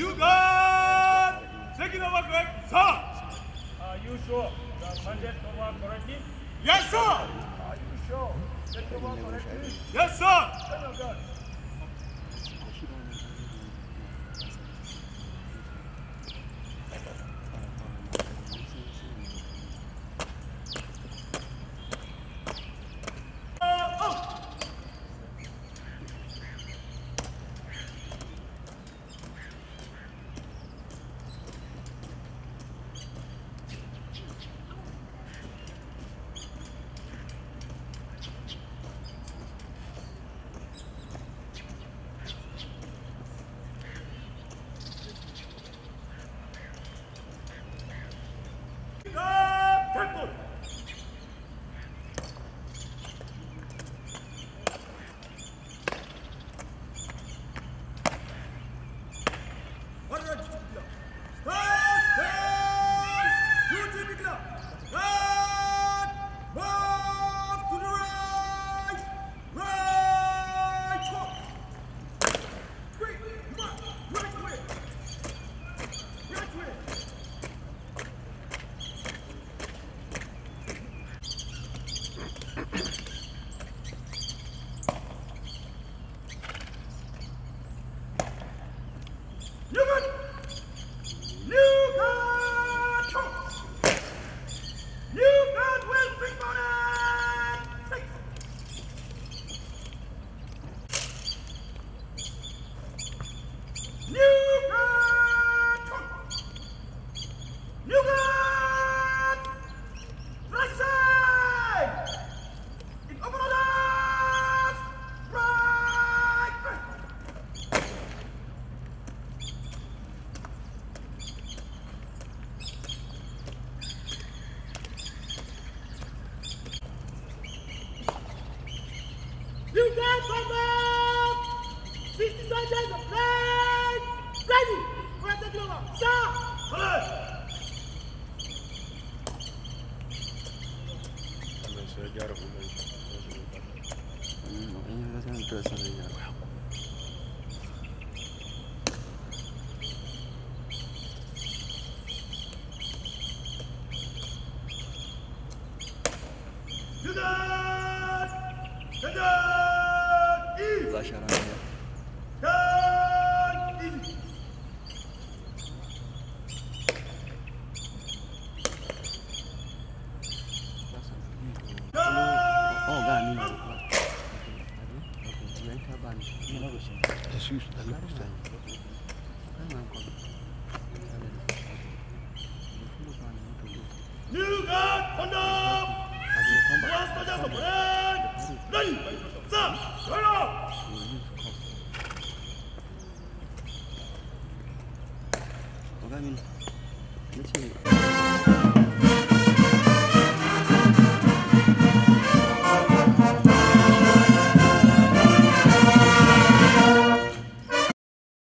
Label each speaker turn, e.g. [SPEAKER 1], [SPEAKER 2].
[SPEAKER 1] You got taking over correct, sir. Are you sure the budget over correctly? Yes, sir. Are you sure that over correctly? Yes, sir. God. Ready! Ready! Ready! Ready! Ready! Ready! がみんなで。Thank you.